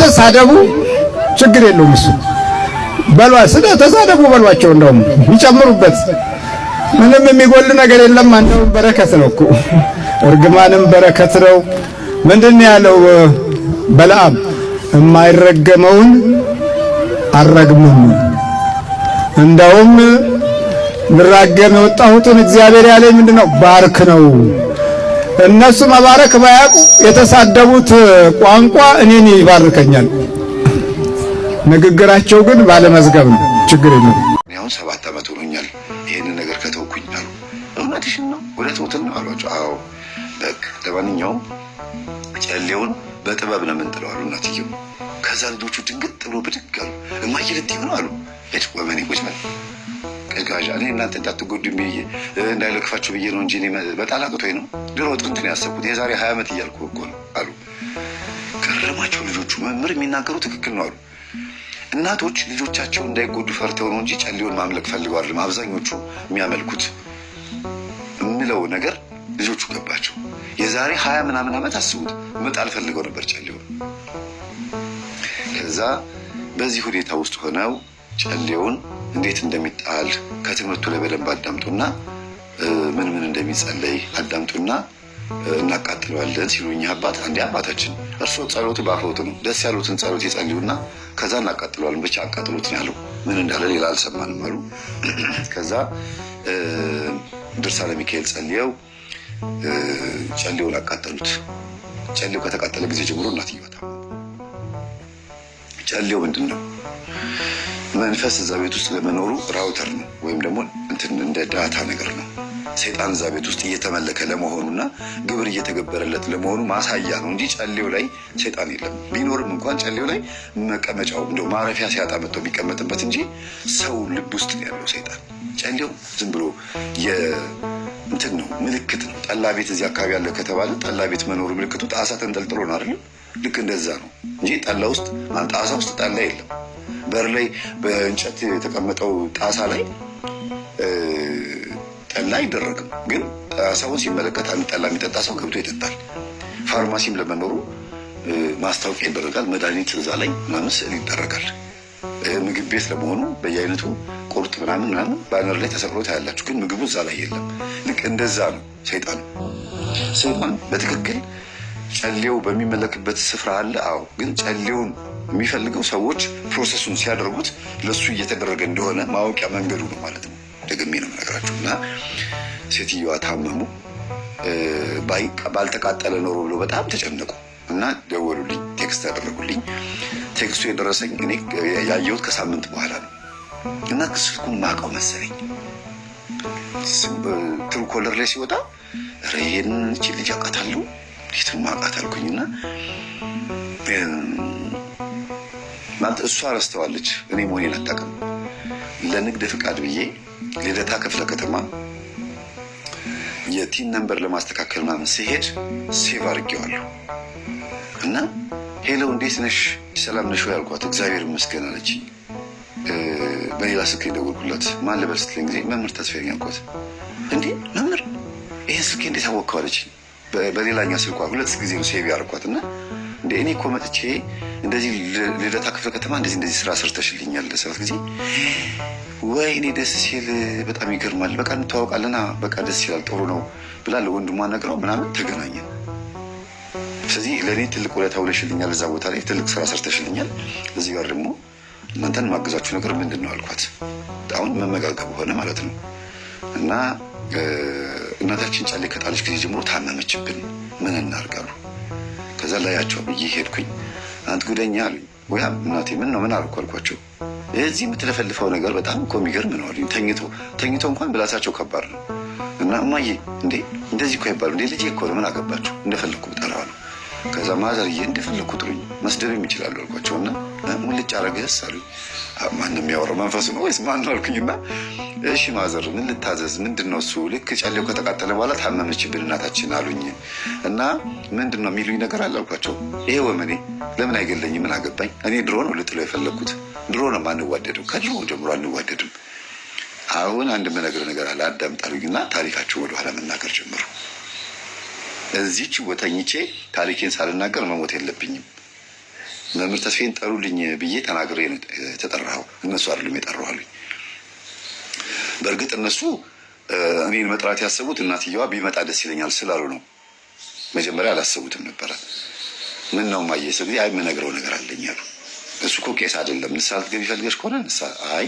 ተሳደቡ፣ ችግር የለውም እሱ በሏ ስለ ተሳደቡ በሏቸው፣ እንደውም ይጨምሩበት። ምንም የሚጎል ነገር የለም። አንደውም በረከት ነው እኮ እርግማንም በረከት ነው። ምንድን ያለው በለዓም የማይረገመውን አረግምም እንደውም ልራገም የወጣሁትን እግዚአብሔር ያለኝ ምንድነው ባርክ ነው እነሱ መባረክ ባያውቁ የተሳደቡት ቋንቋ እኔን ይባርከኛል። ንግግራቸው ግን ባለመዝገብ ነው። ችግር የለም። አሁን ሰባት ዓመት ሆኖኛል ይህንን ነገር ከተውኩኝ አሉ። እውነትሽን ነው ወደ ተውትን ነው አሏቸው። አዎ በቃ ለማንኛውም ጨሌውን በጥበብ ነው የምንጥለው አሉ እናትየው። ከዛ ልጆቹ ድንግጥ ጥሎ ብድግ አሉ። እማዬ ልትይ ሆነ አሉ ሄድ ወመኔ ቁጭ በል ተጋዣ እኔ እናንተ እንዳትጎዱ ብዬ እንዳይለክፋችሁ ብዬ ነው እንጂ በጣል አቅቶኝ ነው። ድሮ ጥንት ነው ያሰብኩት የዛሬ ሀያ ዓመት እያልኩ እኮ ነው አሉ። ገረማቸው ልጆቹ መምህር የሚናገሩ ትክክል ነው አሉ። እናቶች ልጆቻቸው እንዳይጎዱ ፈርተው ነው እንጂ ጨሌውን ማምለክ ፈልገው አይደለም አብዛኞቹ የሚያመልኩት የምለው ነገር ልጆቹ ገባቸው። የዛሬ ሀያ ምናምን ዓመት አስቡት መጣል ፈልገው ነበር ጨሌውን። ከዛ በዚህ ሁኔታ ውስጥ ሆነው ጨሌውን እንዴት እንደሚጣል ከትምህርቱ ላይ በደንብ አዳምጡና ምን ምን እንደሚጸለይ አዳምጡና እናቃጥለዋለን ሲሉኝ አባት አንዴ አባታችን እርስዎ ጸሎት ባፈውት ነው ደስ ያሉትን ጸሎት ይጸልዩና ከዛ እናቃጥለዋለን ብቻ አቃጥሎትን ያለው ምን እንዳለ ሌላ አልሰማንም አሉ። ከዛ ድርሳ ሚካኤል ጸልየው ጨሌውን አቃጠሉት። ጨሌው ከተቃጠለ ጊዜ ጀምሮ እናትየው ታመሙ። ጨሌው ምንድን ነው? መንፈስ እዛ ቤት ውስጥ ለመኖሩ ራውተር ነው ወይም ደግሞ እንትን እንደ ዳታ ነገር ነው። ሰይጣን እዛ ቤት ውስጥ እየተመለከ ለመሆኑና ግብር እየተገበረለት ለመሆኑ ማሳያ ነው እንጂ ጨሌው ላይ ሰይጣን የለም። ቢኖርም እንኳን ጨሌው ላይ መቀመጫው እንደ ማረፊያ ሲያጣ መጥተው የሚቀመጥበት እንጂ ሰው ልብ ውስጥ ያለው ሰይጣን ጨሌው ዝም ብሎ እንትን ነው፣ ምልክት ነው። ጠላ ቤት እዚህ አካባቢ ያለ ከተባለ ጠላ ቤት መኖሩ ምልክቱ ጣሳ ተንጠልጥሎ ነው አይደለም? ልክ እንደዛ ነው እንጂ ጠላ ውስጥ ጣሳ ውስጥ ጠላ የለም። በር ላይ በእንጨት የተቀመጠው ጣሳ ላይ ጠላ አይደረግም፣ ግን ሰውን ሲመለከት አንድ ጠላ የሚጠጣ ሰው ገብቶ ይጠጣል። ፋርማሲም ለመኖሩ ማስታወቂያ ይደረጋል። መድኃኒት እዛ ላይ ምናምን ስዕል ይደረጋል። ምግብ ቤት ለመሆኑ በየአይነቱ ቁርጥ ምናምን ምናምን ባነር ላይ ተሰቅሎ ታያላችሁ፣ ግን ምግቡ እዛ ላይ የለም። ልክ እንደዛ ነው ሰይጣን። ሰይጣን በትክክል ጨሌው በሚመለክበት ስፍራ አለ። አዎ፣ ግን ጨሌውን የሚፈልገው ሰዎች ፕሮሰሱን ሲያደርጉት ለሱ እየተደረገ እንደሆነ ማወቂያ መንገዱ ነው ማለት ነው። ደግሜ ነው የምነግራቸው እና ሴትዮዋ ታመሙ። ባልተቃጠለ ኖሮ ብሎ በጣም ተጨነቁ እና ደወሉልኝ፣ ቴክስት ያደረጉልኝ። ቴክስቱ የደረሰኝ እኔ ያየሁት ከሳምንት በኋላ ነው እና ስልኩን ማቀው መሰለኝ ትሩ ኮለር ላይ ሲወጣ ይህን ልጅ አውቃታለሁ፣ እንዴት ማውቃት አልኩኝና እናንተ እሷ ረስተዋለች፣ እኔ መሆኔን አታውቅም። ለንግድ ፍቃድ ብዬ ልደታ ክፍለ ከተማ የቲን ነንበር ለማስተካከል ምናምን ሲሄድ ሴቭ አድርጌዋለሁ እና ሄሎ እንዴት ነሽ ሰላም ነሽ ያልኳት እግዚአብሔር ይመስገን አለች። በሌላ ስልክ የደወልኩላት ማን ልበል ስትለኝ ጊዜ መምህር ተስፋዬ ያልኳት እንዴ መምህር ይህን ስልክ እንዴት አወቅከው አለች። በሌላኛ ስልኳ ሁለት ጊዜ ነው ሴቭ ያደርኳት እና እንደ እኔ እኮ መጥቼ እንደዚህ ልደታ ክፍለ ከተማ እንደዚህ እንደዚህ ስራ ሰርተሽልኛል ለሰባት ጊዜ ወይ እኔ ደስ ሲል በጣም ይገርማል፣ በቃ እንተዋወቃለና በቃ ደስ ይላል፣ ጥሩ ነው ብላ ለወንድሟ ነግረው ምናምን ተገናኘን። ስለዚህ ለእኔ ትልቅ ውለታ ውለሽልኛል፣ እዛ ቦታ ላይ ትልቅ ስራ ሰርተሽልኛል። እዚህ ጋር ደግሞ እናንተን ማገዛችሁ ነገር ምንድን ነው አልኳት። አሁን መመጋገብ ሆነ ማለት ነው እና እናታችን ጫሌ ከጣለች ጊዜ ጀምሮ ታመመችብን። ምን እናርጋሉ? ተዘላያቸው ላያቸው ብዬ ሄድኩኝ። አንት ጉደኛ አሉኝ። ወያ እናቴ ምን ነው ምን አልኩ አልኳቸው። የምትለፈልፈው ነገር በጣም እኮ የሚገርም ነው አሉኝ። ተኝቶ ተኝቶ እንኳን ብላሳቸው ከባድ ነው እና እማዬ እንዴ እንደዚህ እኮ ይባሉ እንዴ ልጅ እኮ ነው ምን አገባቸው እንደፈለግኩ ጠራዋል ከዛ ማዘርዬ እንደፈለግኩ ጥሩኝ፣ መስደብም ይችላሉ አልኳቸው እና ሙልጭ አረገስ አሉኝ። ማነው የሚያወራው መንፈሱ ነው ወይስ ማነው እና እሺ ማዘር ምን ልታዘዝ? ምንድን ነው እሱ? ልክ ጨሌው ከተቃጠለ በኋላ ታመመችብን እናታችን አሉኝ እና ምንድን ነው የሚሉኝ ነገር አለ አልኳቸው። ይሄ ወመኔ ለምን አይገለኝ? ምን አገባኝ? እኔ ድሮ ነው ልጥለው የፈለግኩት። ድሮ ነው የማንዋደደው፣ ከድሮ ጀምሮ አንዋደድም። አሁን አንድ የምነግርህ ነገር አለ አዳምጣሉኝ እና ታሪካቸው ወደኋላ መናገር ጀመሩ። እዚች ወተኝቼ ታሪኬን ሳልናገር መሞት የለብኝም። መምህር ተስፌን ጠሩልኝ ብዬ ተናግሬ የተጠራኸው እነሱ አይደሉም የጠሩሃሉኝ። በእርግጥ እነሱ እኔን መጥራት ያሰቡት እናትየዋ ቢመጣ ደስ ይለኛል ስላሉ ነው። መጀመሪያ አላሰቡትም ነበረ። ምን ነው ማየ ሰው ጊዜ አይ የምነግረው ነገር አለኝ አሉ። እሱ እኮ ቄስ አይደለም ንስሓ ልትገቢ ፈልገሽ ከሆነ ንስሓ አይ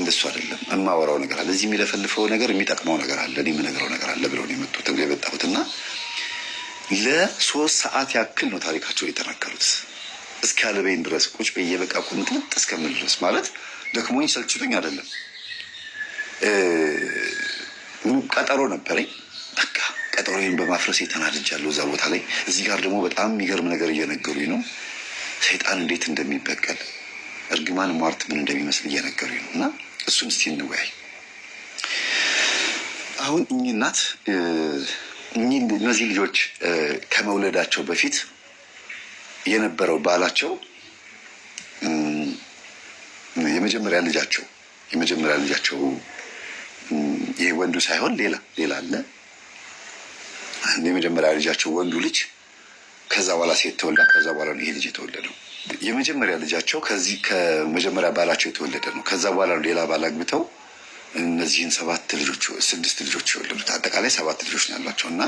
እንደሱ አይደለም እማወራው ነገር አለ። እዚህ የሚለፈልፈው ነገር የሚጠቅመው ነገር አለ፣ እኔ የምነግረው ነገር አለ ለሶስት ሰዓት ያክል ነው ታሪካቸው የተናገሩት። እስከ ያለበይን ድረስ ቁጭ በየበቃ በቃ እስከምን ድረስ ማለት ደክሞኝ ሰልችቶኝ አይደለም። ቀጠሮ ነበረኝ። በቃ ቀጠሮዬን በማፍረስ የተናድጃለሁ እዛ ቦታ ላይ። እዚህ ጋር ደግሞ በጣም የሚገርም ነገር እየነገሩኝ ነው። ሰይጣን እንዴት እንደሚበቀል እርግማን ሟርት ምን እንደሚመስል እየነገሩኝ ነው። እና እሱን እስቲ እንወያይ አሁን እኚህ እናት እነዚህ ልጆች ከመውለዳቸው በፊት የነበረው ባላቸው የመጀመሪያ ልጃቸው የመጀመሪያ ልጃቸው ይህ ወንዱ ሳይሆን ሌላ ሌላ አለ። የመጀመሪያ ልጃቸው ወንዱ ልጅ ከዛ በኋላ ሴት ተወልዳ ከዛ በኋላ ይሄ ልጅ የተወለደው የመጀመሪያ ልጃቸው ከዚህ ከመጀመሪያ ባላቸው የተወለደ ነው። ከዛ በኋላ ሌላ ባል አግብተው እነዚህን ሰባት ልጆች ስድስት ልጆች የወለዱት አጠቃላይ ሰባት ልጆች ነው ያሏቸው እና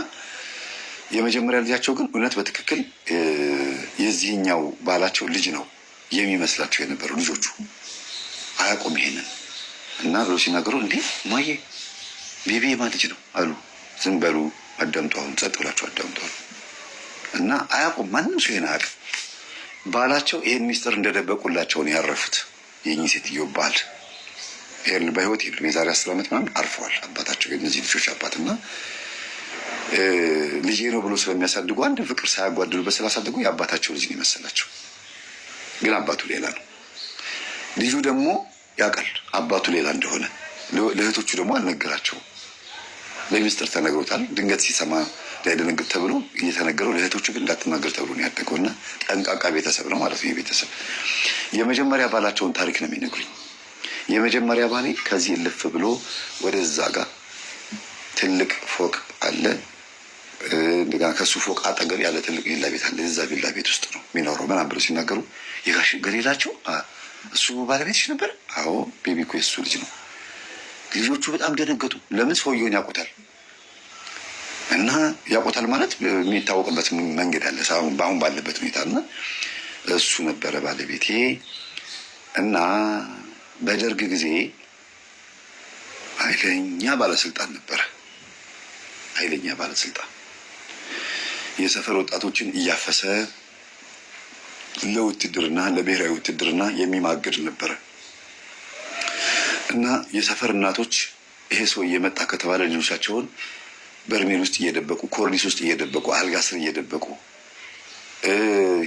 የመጀመሪያ ልጃቸው ግን እውነት በትክክል የዚህኛው ባላቸው ልጅ ነው የሚመስላቸው የነበሩ ልጆቹ አያውቁም ይሄንን እና ብሎ ሲናገሩ እንዴ ማየ ቤቤ ማ ልጅ ነው አሉ። ዝም በሉ አዳምጡ፣ አሁን ጸጥ ብላችሁ አዳምጡ እና አያውቁም፣ ማንም ሰው ይሄን አያውቅም። ባላቸው ይህን ሚስጥር እንደደበቁላቸው ነው ያረፉት የእኚህ ሴትዮ ባል የሉም፣ በህይወት የሉም። የዛሬ አስር ዓመት ምናምን አርፈዋል። አባታቸው የእነዚህ ልጆች አባትና ልጄ ነው ብሎ ስለሚያሳድጉ አንድ ፍቅር ሳያጓድሉበት ስላሳድጉ የአባታቸው ልጅ ነው የመሰላቸው። ግን አባቱ ሌላ ነው። ልጁ ደግሞ ያውቃል አባቱ ሌላ እንደሆነ። ለእህቶቹ ደግሞ አልነገራቸውም። በሚስጥር ተነግሮታል። ድንገት ሲሰማ እንዳይደነግጥ ተብሎ እየተነገረው፣ ለእህቶቹ ግን እንዳትናገር ተብሎ ነው ያደገው እና ጠንቃቃ ቤተሰብ ነው ማለት ነው። የቤተሰብ የመጀመሪያ ባላቸውን ታሪክ ነው የሚነግሩኝ። የመጀመሪያ ባሌ ከዚህ ልፍ ብሎ ወደዛ ጋር ትልቅ ፎቅ አለ። እንደገና ከሱ ፎቅ አጠገብ ያለ ትልቅ ቪላ ቤት አለ። እዛ ቪላ ቤት ውስጥ ነው የሚኖረው ምናምን ብለው ሲናገሩ የጋሽ ገሌላቸው እሱ ባለቤትሽ ነበር? አዎ ቤቢ እኮ የሱ ልጅ ነው። ልጆቹ በጣም ደነገጡ። ለምን ሰውየውን ያውቁታል እና ያውቁታል ማለት የሚታወቅበት መንገድ አለ በአሁን ባለበት ሁኔታ እና እሱ ነበረ ባለቤቴ እና በደርግ ጊዜ ኃይለኛ ባለስልጣን ነበረ። ኃይለኛ ባለስልጣን የሰፈር ወጣቶችን እያፈሰ ለውትድርና ለብሔራዊ ውትድርና የሚማግድ ነበረ እና የሰፈር እናቶች ይሄ ሰው እየመጣ ከተባለ ልጆቻቸውን በርሜል ውስጥ እየደበቁ ኮርኒስ ውስጥ እየደበቁ አልጋ ስር እየደበቁ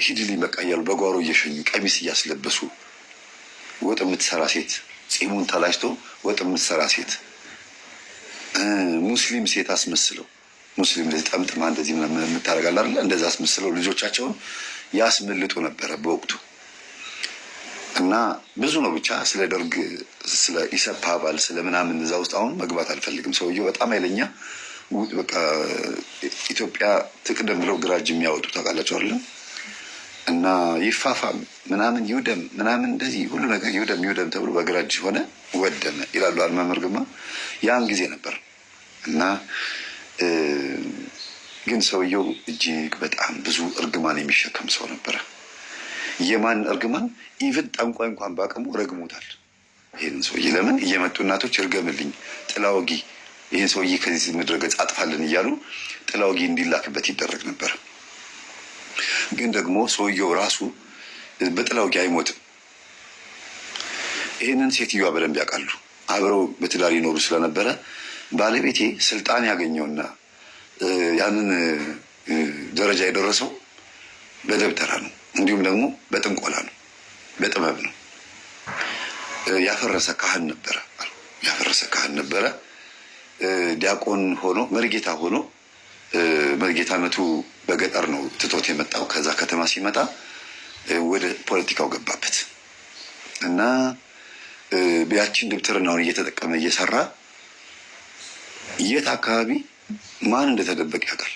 ሂድሊ በቃ እያሉ በጓሮ እየሸኙ ቀሚስ እያስለበሱ ወጥ የምትሰራ ሴት ጺሙን ተላጭቶ ወጥ የምትሰራ ሴት ሙስሊም ሴት አስመስለው ሙስሊም ልጅ ጠምጥማ እንደዚህ የምታደርጋል አይደለ? እንደዚ አስመስለው ልጆቻቸውን ያስመልጡ ነበረ በወቅቱ እና ብዙ ነው ብቻ ስለ ደርግ ስለ ኢሰፓ አባል ስለ ምናምን እዛ ውስጥ አሁን መግባት አልፈልግም። ሰውየው በጣም አይለኛ ኢትዮጵያ ትቅደም ብለው ግራጅ የሚያወጡ ታውቃላቸው አይደለም እና ይፋፋም ምናምን ይውደም ምናምን እንደዚህ ሁሉ ነገር ይውደም ይውደም ተብሎ በግራ እጅ ሆነ ወደመ ይላሉ አልመምህር ግማ። ያን ጊዜ ነበር እና ግን ሰውየው እጅግ በጣም ብዙ እርግማን የሚሸከም ሰው ነበረ። የማን እርግማን? ኢቭን ጠንቋይ እንኳን በአቅሙ ረግሞታል ይህን ሰውዬ። ለምን እየመጡ እናቶች እርገምልኝ፣ ጥላወጊ፣ ይህን ሰውዬ ከዚህ ምድረገጽ አጥፋልን እያሉ ጥላወጊ እንዲላክበት ይደረግ ነበር። ግን ደግሞ ሰውየው ራሱ በጥላው አይሞትም። ይህንን ሴትዮዋ በደንብ ያውቃሉ። አብረው በትዳር ይኖሩ ስለነበረ ባለቤቴ ስልጣን ያገኘውና ያንን ደረጃ የደረሰው በደብተራ ነው፣ እንዲሁም ደግሞ በጥንቆላ ነው፣ በጥበብ ነው። ያፈረሰ ካህን ነበረ ያፈረሰ ካህን ነበረ። ዲያቆን ሆኖ መርጌታ ሆኖ መርጌታ መቱ በገጠር ነው ትቶት የመጣው። ከዛ ከተማ ሲመጣ ወደ ፖለቲካው ገባበት እና ያችን ድብትርናውን እየተጠቀመ እየሰራ የት አካባቢ ማን እንደተደበቀ ያውቃል።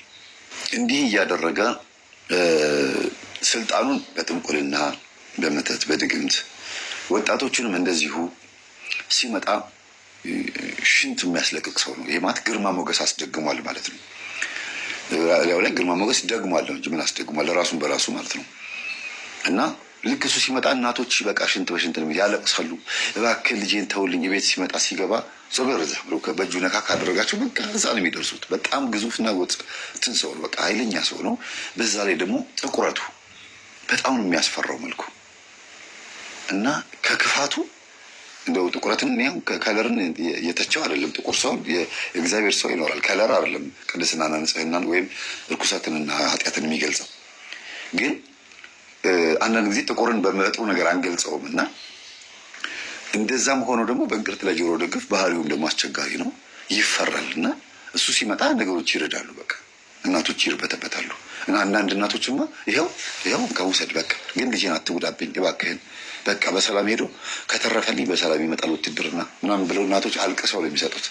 እንዲህ እያደረገ ስልጣኑን በጥንቁልና በመተት በድግምት ወጣቶቹንም እንደዚሁ ሲመጣ ሽንት የሚያስለቅቅ ሰው ነው። ይህ ማለት ግርማ ሞገስ አስደግሟል ማለት ነው። ያው ላይ ግርማ ሞገስ ደግሟል እንጂ ምን አስደግሟል? ራሱን በራሱ ማለት ነው። እና ልክ እሱ ሲመጣ እናቶች በቃ ሽንት በሽንት ነው ያለቅሳሉ። እባክህ ልጄን ተውልኝ። ቤት ሲመጣ ሲገባ ዞበር ብሎ በእጁ ነካ ካደረጋቸው በቃ ህፃ ነው የሚደርሱት። በጣም ግዙፍ እና ጎጥ እንትን ሰው ነው። በቃ ኃይለኛ ሰው ነው። በዛ ላይ ደግሞ ጥቁረቱ በጣም ነው የሚያስፈራው መልኩ እና ከክፋቱ እንደው ጥቁረትን ከለርን የተቸው አይደለም። ጥቁር ሰው የእግዚአብሔር ሰው ይኖራል። ከለር አይደለም ቅድስናና ንጽህናን ወይም እርኩሰትንና ኃጢአትን የሚገልጸው ግን አንዳንድ ጊዜ ጥቁርን በመጥሩ ነገር አንገልጸውም እና እንደዛም ሆኖ ደግሞ በእንቅርት ላይ ጆሮ ደግፍ ባህሪውም ደግሞ አስቸጋሪ ነው፣ ይፈራል እና እሱ ሲመጣ ነገሮች ይረዳሉ። በቃ እናቶች ይርበተበታሉ እና አንዳንድ እናቶችማ ይኸው ይኸው ከውሰድ በቃ ግን ልጅን አትጉዳብኝ እባክህን በቃ በሰላም ሄዶ ከተረፈልኝ በሰላም ይመጣል ውትድርና ምናምን ብለው እናቶች አልቅሰው ነው የሚሰጡት።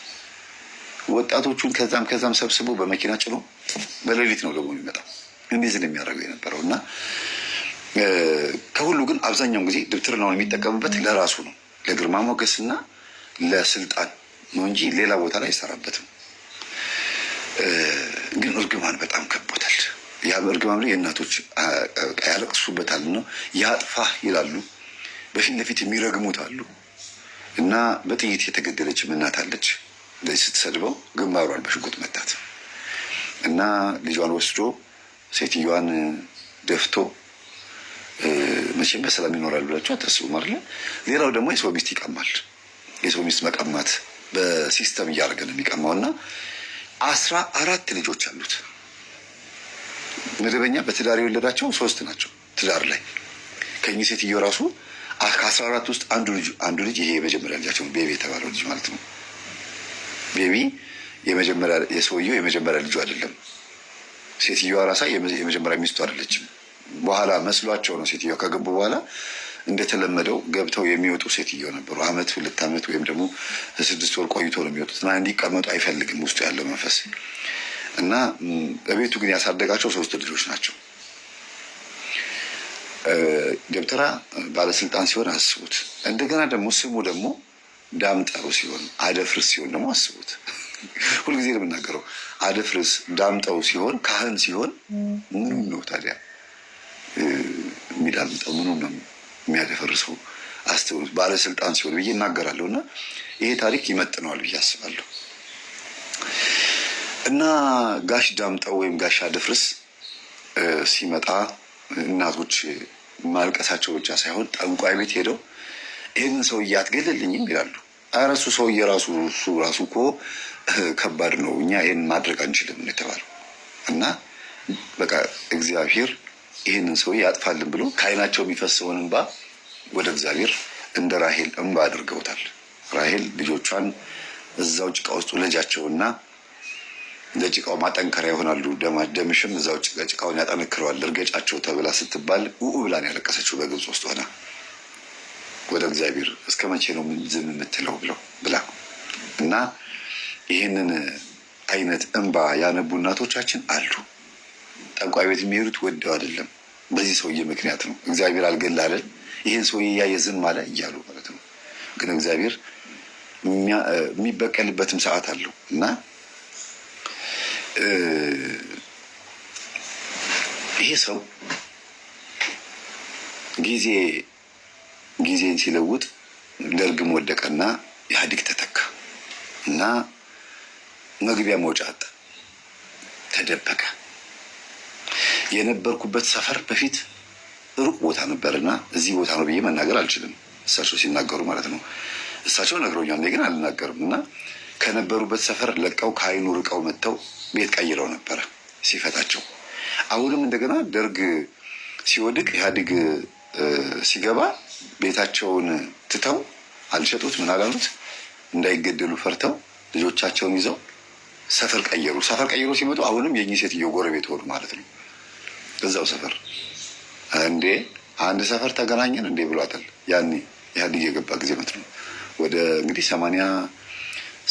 ወጣቶቹን ከዛም ከዛም ሰብስቦ በመኪና ጭኖ በሌሊት ነው ደግሞ የሚመጣው። እንዲህ ነው የሚያደርገው የነበረው እና ከሁሉ ግን አብዛኛውን ጊዜ ድብትርናውን የሚጠቀምበት ለራሱ ነው ለግርማ ሞገስና ለስልጣን ነው እንጂ ሌላ ቦታ ላይ አይሰራበትም። ግን እርግማን በጣም ከቦታል። ያ እርግማን የእናቶች ያለቅሱበታል ነው ያጥፋህ ይላሉ። በፊት ለፊት የሚረግሙት አሉ እና በጥይት የተገደለች እናት አለች። ስትሰድበው ግንባሯን በሽጉጥ መታት እና ልጇን ወስዶ ሴትዮዋን ደፍቶ መቼም በሰላም ይኖራል ብላችሁ አታስቡ አይደለ? ሌላው ደግሞ የሰው ሚስት ይቀማል። የሰው ሚስት መቀማት በሲስተም እያደረገ ነው የሚቀማው እና አስራ አራት ልጆች አሉት። መደበኛ በትዳር የወለዳቸው ሶስት ናቸው። ትዳር ላይ ከኚህ ሴትዮ ራሱ ከአስራ አራት ውስጥ አንዱ ልጅ አንዱ ልጅ ይሄ የመጀመሪያ ልጃቸው ቤቢ የተባለው ልጅ ማለት ነው። ቤቢ የመጀመሪያ የሰውየው የመጀመሪያ ልጁ አይደለም። ሴትዮዋ ራሳ የመጀመሪያ ሚስቱ አይደለችም። በኋላ መስሏቸው ነው። ሴትዮዋ ከገቡ በኋላ እንደተለመደው ገብተው የሚወጡ ሴትዮ ነበሩ። አመት ሁለት ዓመት ወይም ደግሞ ስድስት ወር ቆይቶ ነው የሚወጡት እና እንዲቀመጡ አይፈልግም ውስጡ ያለው መንፈስ እና በቤቱ ግን ያሳደጋቸው ሶስት ልጆች ናቸው። ደብተራ ባለስልጣን ሲሆን አስቡት። እንደገና ደግሞ ስሙ ደግሞ ዳምጠሩ ሲሆን አደፍርስ ሲሆን ደግሞ አስቡት። ሁልጊዜ የምናገረው፣ አደፍርስ ዳምጠው ሲሆን ካህን ሲሆን ምኑን ነው ታዲያ የሚዳምጠው? ምኑ ነው የሚያደፈርሰው? አስተውሉት። ባለስልጣን ሲሆን ብዬ እናገራለሁ እና ይሄ ታሪክ ይመጥነዋል ብዬ አስባለሁ። እና ጋሽ ዳምጠው ወይም ጋሽ አደፍርስ ሲመጣ እናቶች ማልቀሳቸው ብቻ ሳይሆን ጠንቋይ ቤት ሄደው ይህንን ሰውዬ አትገልልኝም ይላሉ። ኧረ እሱ ሰውዬ ራሱ እሱ ራሱ እኮ ከባድ ነው፣ እኛ ይህን ማድረግ አንችልም የተባለው እና በቃ እግዚአብሔር ይህንን ሰውዬ ያጥፋልን ብሎ ከአይናቸው የሚፈሰውን እንባ ወደ እግዚአብሔር እንደ ራሄል እንባ አድርገውታል። ራሄል ልጆቿን እዛው ጭቃ ውስጡ ልጃቸውና ለጭቃው ማጠንከሪያ ይሆናሉ። ደምሽም እዛው ጭቃውን ያጠነክረዋል። እርገጫቸው ተብላ ስትባል ውኡ ብላን ያለቀሰችው በግብፅ ውስጥ ሆነ ወደ እግዚአብሔር እስከ መቼ ነው ዝም የምትለው ብለው ብላ እና ይህንን አይነት እንባ ያነቡ እናቶቻችን አሉ። ጠንቋይ ቤት የሚሄዱት ወደው አይደለም፣ በዚህ ሰውዬ ምክንያት ነው። እግዚአብሔር አልገላለን ይህን ሰውዬ እያየ ዝም አለ እያሉ ማለት ነው። ግን እግዚአብሔር የሚበቀልበትም ሰዓት አለው እና ይሄ ሰው ጊዜ ጊዜን ሲለውጥ ደርግም ወደቀና ኢህአዲግ ተተካ እና መግቢያ መውጫ አጣ፣ ተደበቀ። የነበርኩበት ሰፈር በፊት ሩቅ ቦታ ነበርና እዚህ ቦታ ነው ብዬ መናገር አልችልም። እሳቸው ሲናገሩ ማለት ነው። እሳቸው ነግረውኛል፣ እኔ ግን አልናገርም እና ከነበሩበት ሰፈር ለቀው ከአይኑ ርቀው መጥተው ቤት ቀይረው ነበረ ሲፈታቸው። አሁንም እንደገና ደርግ ሲወድቅ ኢህአዴግ ሲገባ ቤታቸውን ትተው አልሸጡት ምን አላሉት እንዳይገደሉ ፈርተው ልጆቻቸውን ይዘው ሰፈር ቀየሩ። ሰፈር ቀይሮ ሲመጡ አሁንም የኚህ ሴትዮ ጎረቤት ሆኑ ማለት ነው። እዛው ሰፈር እንዴ አንድ ሰፈር ተገናኘን እንዴ ብሏታል። ያኔ ኢህአዴግ የገባ ጊዜ መት ነው ወደ እንግዲህ ሰማንያ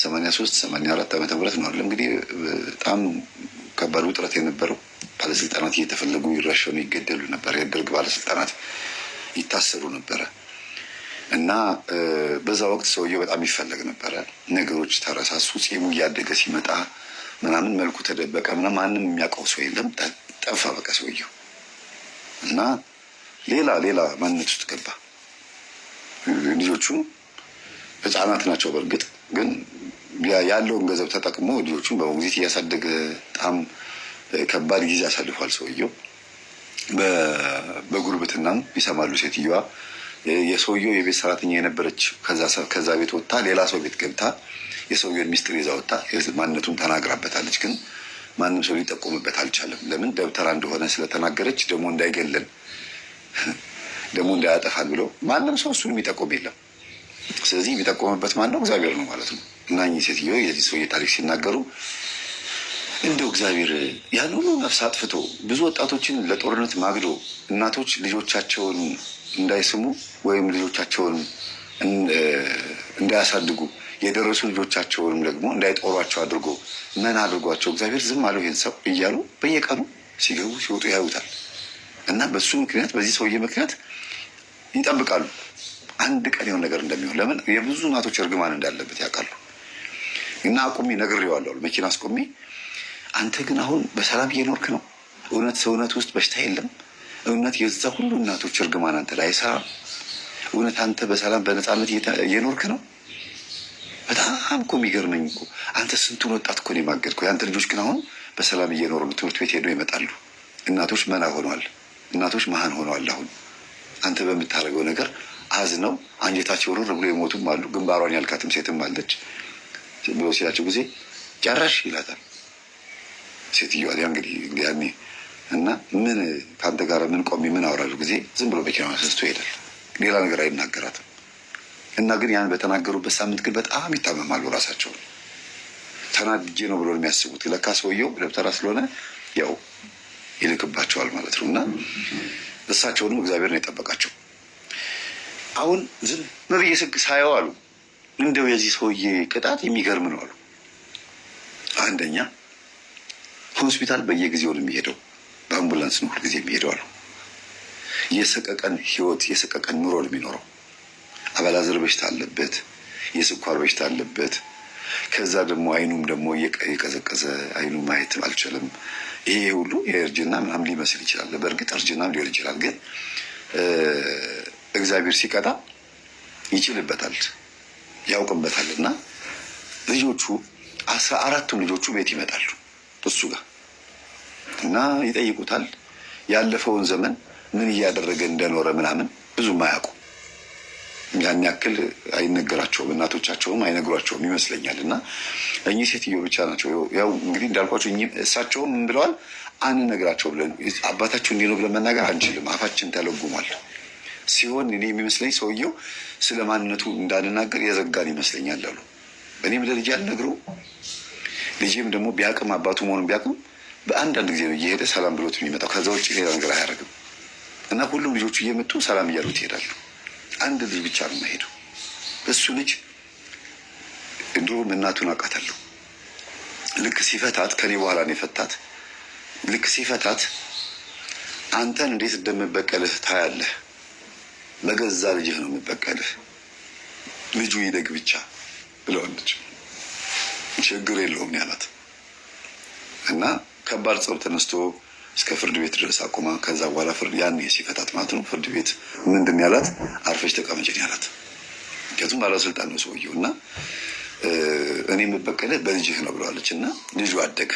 ሰማንያ ሶስት ሰማንያ አራት ዓመተ ምህረት ነው አለ እንግዲህ በጣም ከባድ ውጥረት የነበረው ባለስልጣናት እየተፈለጉ ይረሸኑ ይገደሉ ነበር። የደርግ ባለስልጣናት ይታሰሩ ነበረ እና በዛ ወቅት ሰውየው በጣም ይፈለግ ነበረ። ነገሮች ተረሳሱ። ፂሙ እያደገ ሲመጣ ምናምን መልኩ ተደበቀ ምና ማንም የሚያውቀው ሰው የለም። ጠፋ በቃ ሰውየው እና ሌላ ሌላ ማንነት ውስጥ ገባ። ልጆቹ ህፃናት ናቸው በእርግጥ ግን ያለውን ገንዘብ ተጠቅሞ ልጆቹን በሞግዚት እያሳደገ በጣም ከባድ ጊዜ አሳልፏል ሰውየው። በጉርብትናም ይሰማሉ። ሴትዮዋ የሰውየው የቤት ሰራተኛ የነበረች ከዛ ቤት ወጥታ ሌላ ሰው ቤት ገብታ የሰውየውን ሚስጥር ይዛ ወጥታ ማንነቱን ተናግራበታለች። ግን ማንም ሰው ሊጠቆምበት አልቻለም። ለምን ደብተራ እንደሆነ ስለተናገረች ደግሞ እንዳይገለን ደግሞ እንዳያጠፋን ብለው ማንም ሰው እሱን የሚጠቆም የለም። ስለዚህ የሚጠቆምበት ማን ነው? እግዚአብሔር ነው ማለት ነው። እና እኚህ ሴትዮ የዚህ ሰውዬ ታሪክ ሲናገሩ እንደው እግዚአብሔር ያን ሁሉ ነፍስ አጥፍቶ ብዙ ወጣቶችን ለጦርነት ማግዶ እናቶች ልጆቻቸውን እንዳይስሙ ወይም ልጆቻቸውን እንዳያሳድጉ የደረሱ ልጆቻቸውንም ደግሞ እንዳይጦሯቸው አድርጎ መና አድርጓቸው እግዚአብሔር ዝም አለው ይህን ሰው እያሉ በየቀኑ ሲገቡ ሲወጡ ያዩታል። እና በሱ ምክንያት በዚህ ሰውዬ ምክንያት ይጠብቃሉ። አንድ ቀን የሆነ ነገር እንደሚሆን ለምን የብዙ እናቶች እርግማን እንዳለበት ያውቃሉ። እና አቁሜ ነግሬዋለሁ፣ መኪና አስቁሜ አንተ ግን አሁን በሰላም እየኖርክ ነው። እውነት ሰውነት ውስጥ በሽታ የለም። እውነት የዛ ሁሉ እናቶች እርግማን አንተ ላይ አይሰራም። እውነት አንተ በሰላም በነፃነት እየኖርክ ነው። በጣም እኮ የሚገርመኝ እኮ አንተ ስንቱን ወጣት እኮ ነው የማገድከው። የአንተ ልጆች ግን አሁን በሰላም እየኖሩ ነው። ትምህርት ቤት ሄደው ይመጣሉ። እናቶች መና ሆነዋል። እናቶች መሀን ሆነዋል። አሁን አንተ በምታደርገው ነገር ነው አንጀታቸው ሩር ብሎ የሞቱም አሉ። ግንባሯን ያልካትም ሴትም አለች። ብሎ ሲላቸው ጊዜ ጨረሽ ይላታል። ሴትዮዋ እንግዲህ ያኔ እና ምን ከአንተ ጋር ምን ቆሜ ምን አውራሉ ጊዜ ዝም ብሎ መኪና ማሰስቶ ይሄዳል። ሌላ ነገር አይናገራትም። እና ግን ያን በተናገሩበት ሳምንት ግን በጣም ይታመማሉ። ራሳቸውን ተናድጄ ነው ብሎ የሚያስቡት ለካ ሰውየው ደብተራ ስለሆነ ያው ይልክባቸዋል ማለት ነው። እና እሳቸውንም እግዚአብሔር ነው የጠበቃቸው። አሁን ዝም ብዬ ስግ ሳየው አሉ እንደው የዚህ ሰውዬ ቅጣት የሚገርም ነው አሉ። አንደኛ ሆስፒታል በየጊዜው ነው የሚሄደው፣ በአምቡላንስ ነው ሁልጊዜ የሚሄደው አሉ። የሰቀቀን ህይወት የሰቀቀን ኑሮ ነው የሚኖረው። አባላዘር በሽታ አለበት፣ የስኳር በሽታ አለበት። ከዛ ደግሞ አይኑም ደግሞ የቀዘቀዘ አይኑ ማየት አልችልም። ይሄ ሁሉ የእርጅና ምናምን ሊመስል ይችላል። በእርግጥ እርጅና ሊሆን ይችላል ግን እግዚአብሔር ሲቀጣ ይችልበታል፣ ያውቅበታል። እና ልጆቹ አስራ አራቱም ልጆቹ ቤት ይመጣሉ እሱ ጋር እና ይጠይቁታል። ያለፈውን ዘመን ምን እያደረገ እንደኖረ ምናምን ብዙም አያውቁ ያን ያክል አይነገራቸውም፣ እናቶቻቸውም አይነግሯቸውም ይመስለኛል። እና እኚህ ሴትዮ ብቻ ናቸው ያው እንግዲህ እንዳልኳቸው እሳቸውም ብለዋል አንነግራቸው ብለን አባታቸው እንዲህ ነው ብለን መናገር አንችልም፣ አፋችን ተለጉሟል። ሲሆን እኔ የሚመስለኝ ሰውየው ስለ ማንነቱ እንዳንናገር የዘጋን ይመስለኛል አሉ። እኔም ለልጄ አልነግረውም። ልጄም ደግሞ ቢያቅም አባቱ መሆኑን ቢያቅም በአንዳንድ ጊዜ ነው እየሄደ ሰላም ብሎት የሚመጣው። ከዛ ውጭ ሌላ ነገር አያደርግም። እና ሁሉም ልጆቹ እየመጡ ሰላም እያሉት ይሄዳሉ። አንድ ልጅ ብቻ ነው የማሄደው። እሱ ልጅ እንዲሁም እናቱን አውቃታለሁ። ልክ ሲፈታት ከኔ በኋላ ነው የፈታት። ልክ ሲፈታት አንተን እንዴት እንደምበቀልህ ታያለህ ለገዛ ልጅህ ነው የምጠቀድህ። ልጁ ይደግ ብቻ ብለዋለች። ችግር የለውም ያላት እና ከባድ ጸብ ተነስቶ እስከ ፍርድ ቤት ድረስ አቁማ ከዛ በኋላ ያን ሲፈታት ማለት ነው። ፍርድ ቤት ምንድን ያላት አርፈች ተቀመጭን ያላት። ምክንያቱም ባለስልጣን ነው ሰውየው እና እኔ የምበቀለ በልጅህ ነው ብለዋለች እና ልጁ አደገ።